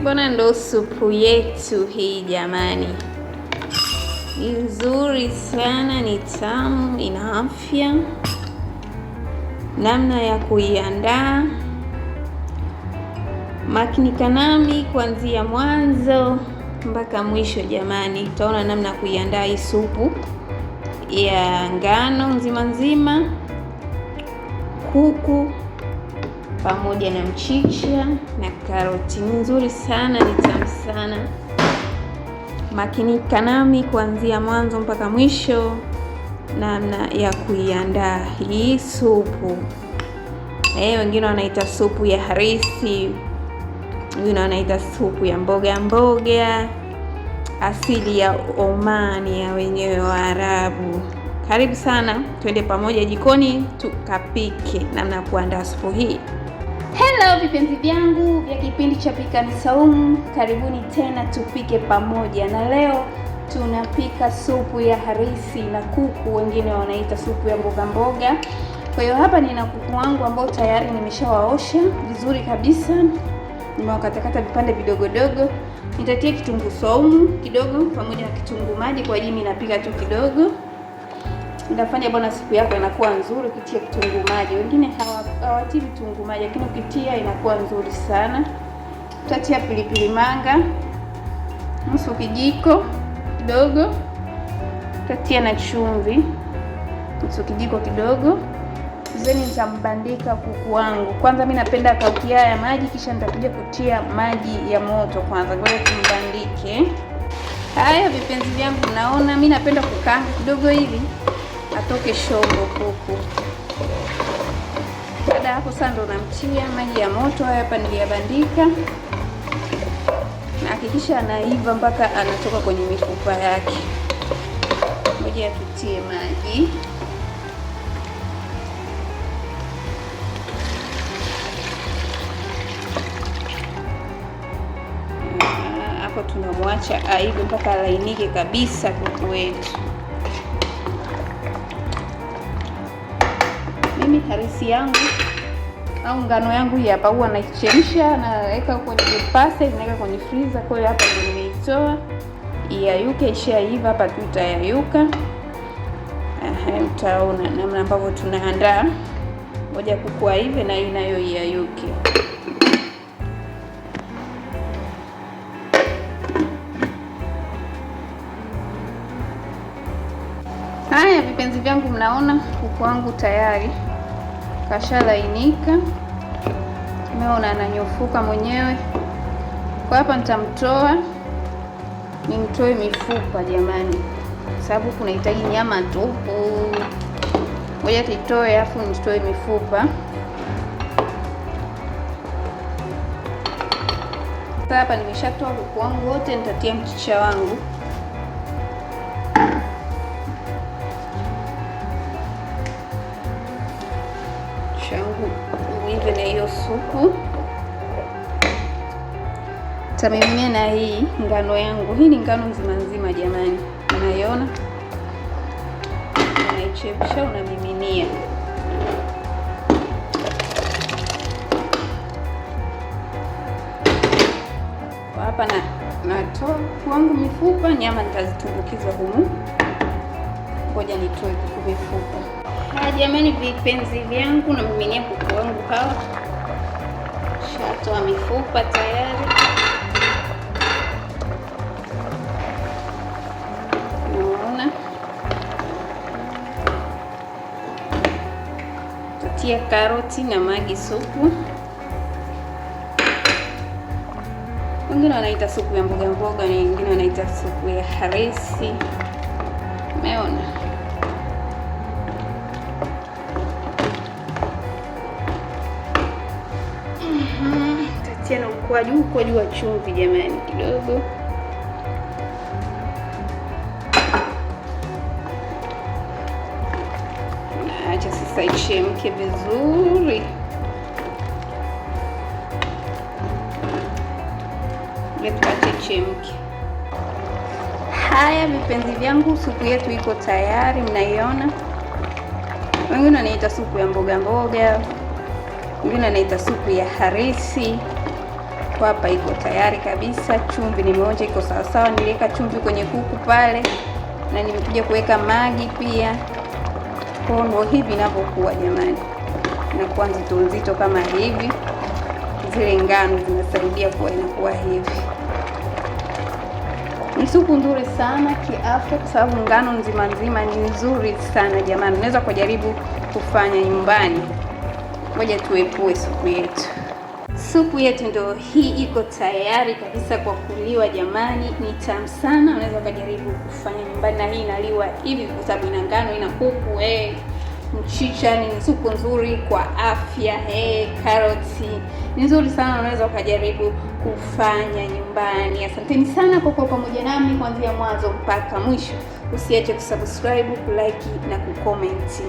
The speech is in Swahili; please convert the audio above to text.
Mbona ndo supu yetu hii jamani, ni nzuri sana, ni tamu, ina afya. Namna ya kuiandaa, makinika nami kuanzia mwanzo mpaka mwisho jamani, tutaona namna ya kuiandaa hii supu ya ngano nzima nzima kuku pamoja na mchicha na karoti. Ni nzuri sana, ni tamu sana. Makinika nami kuanzia mwanzo mpaka mwisho, namna ya kuiandaa hii supu. Eh, wengine wanaita supu ya harisi, wengine wanaita supu ya mboga mboga, asili ya Omani ya wenyewe wa arabu karibu sana, twende pamoja jikoni tukapike namna ya kuandaa supu hii. Hello vipenzi vyangu vya kipindi cha Pika na Saumu, karibuni tena tupike pamoja, na leo tunapika supu ya harisi na kuku, wengine wanaita supu ya mboga mboga. Kwa hiyo hapa nina kuku wangu ambao tayari nimeshawaosha vizuri kabisa, nimewakatakata vipande vidogodogo. Nitatia kitunguu saumu kidogo pamoja na kitunguu maji, kwa ajili ninapika tu kidogo inafanya bwana, siku yako inakuwa nzuri. Ukitia kitunguu maji, wengine hawatii vitunguu maji, lakini ukitia inakuwa nzuri sana. Tutatia pilipili manga nusu kijiko kidogo, tutatia na chumvi nusu kijiko kidogo. Zeni nitambandika kuku wangu kwanza. mi napenda kaukia ya maji, kisha nitakuja kutia maji ya moto kwanza, ngoja tumbandike. Haya vipenzi vyangu, naona mi napenda kukaanga kidogo hivi atoke shombo kuku. Baada hapo sasa ndo namtia maji ya moto haya hapa niliyabandika, na hakikisha anaiva mpaka anatoka kwenye mifupa yake. Moja yatutie maji ah, hapo, tunamwacha aive mpaka alainike kabisa kuku wetu. chipsi yangu au ngano yangu hii hapa, huwa naichemsha, naweka kwenye pasta, naweka kwenye freezer. Kwa hiyo hapa nimeitoa iyayuka, ishaiva hapa tu itayayuka. Utaona namna ambavyo tunaandaa. moja kuku aive na hii nayo iyayuke. Haya vipenzi vyangu, mnaona kuku wangu tayari kashalainika, umeona ananyofuka mwenyewe. Kwa hapa nitamtoa, nimtoe mifupa jamani, sababu kunahitaji nyama tupu. Ngoja titoe afu nitoe mifupa. hapa nimeshatoa kuku wangu wote, nitatia mchicha wangu supu. Tamiminia na hii ngano yangu. Hii ni ngano nzima nzima jamani, unaiona? Unaichemsha, unamiminia hapa na natoa kwangu mifupa, nyama nitazitumbukiza humu. Ngoja nitoe kuku mifupa. Haya jamani, vipenzi vyangu, namiminia kuku wangu hawa Nishatoa mifupa tayari, naona tatia karoti na magi supu. Wengine wanaita supu ya mboga mboga, wengine wanaita supu ya haresi. Umeona? kuvutia na ukwaju, ukwaju wa chumvi jamani, kidogo acha sasa ichemke vizuri. Tuache chemke Haya vipenzi vyangu, supu yetu iko tayari, mnaiona. Wengine wanaita supu ya mboga mboga, wengine wanaita supu ya harisi yako hapa iko tayari kabisa. Chumvi nimeonja iko sawasawa, niliweka chumvi kwenye kuku pale na nimekuja kuweka magi pia. kondo hivi inavyokuwa jamani, na kuwa nzito nzito kama hivi, zile ngano zinasaidia kuwa inakuwa hivi. Ni supu nzuri sana kiafya, kwa sababu ngano nzima nzima ni nzuri sana jamani, unaweza kujaribu kufanya nyumbani. Ngoja tuepue supu yetu. Supu yetu ndo hii, iko tayari kabisa kwa kuliwa. Jamani, ni tamu sana, unaweza ukajaribu kufanya nyumbani, na hii inaliwa hivi kwa sababu ina ngano, ina kuku eh, mchicha. Ni supu nzuri kwa afya eh, karoti ni nzuri sana, unaweza ukajaribu kufanya nyumbani. Asanteni sana kwa kuwa pamoja nami kuanzia mwanzo mpaka mwisho. Usiache kusubscribe, kulike na kucomment.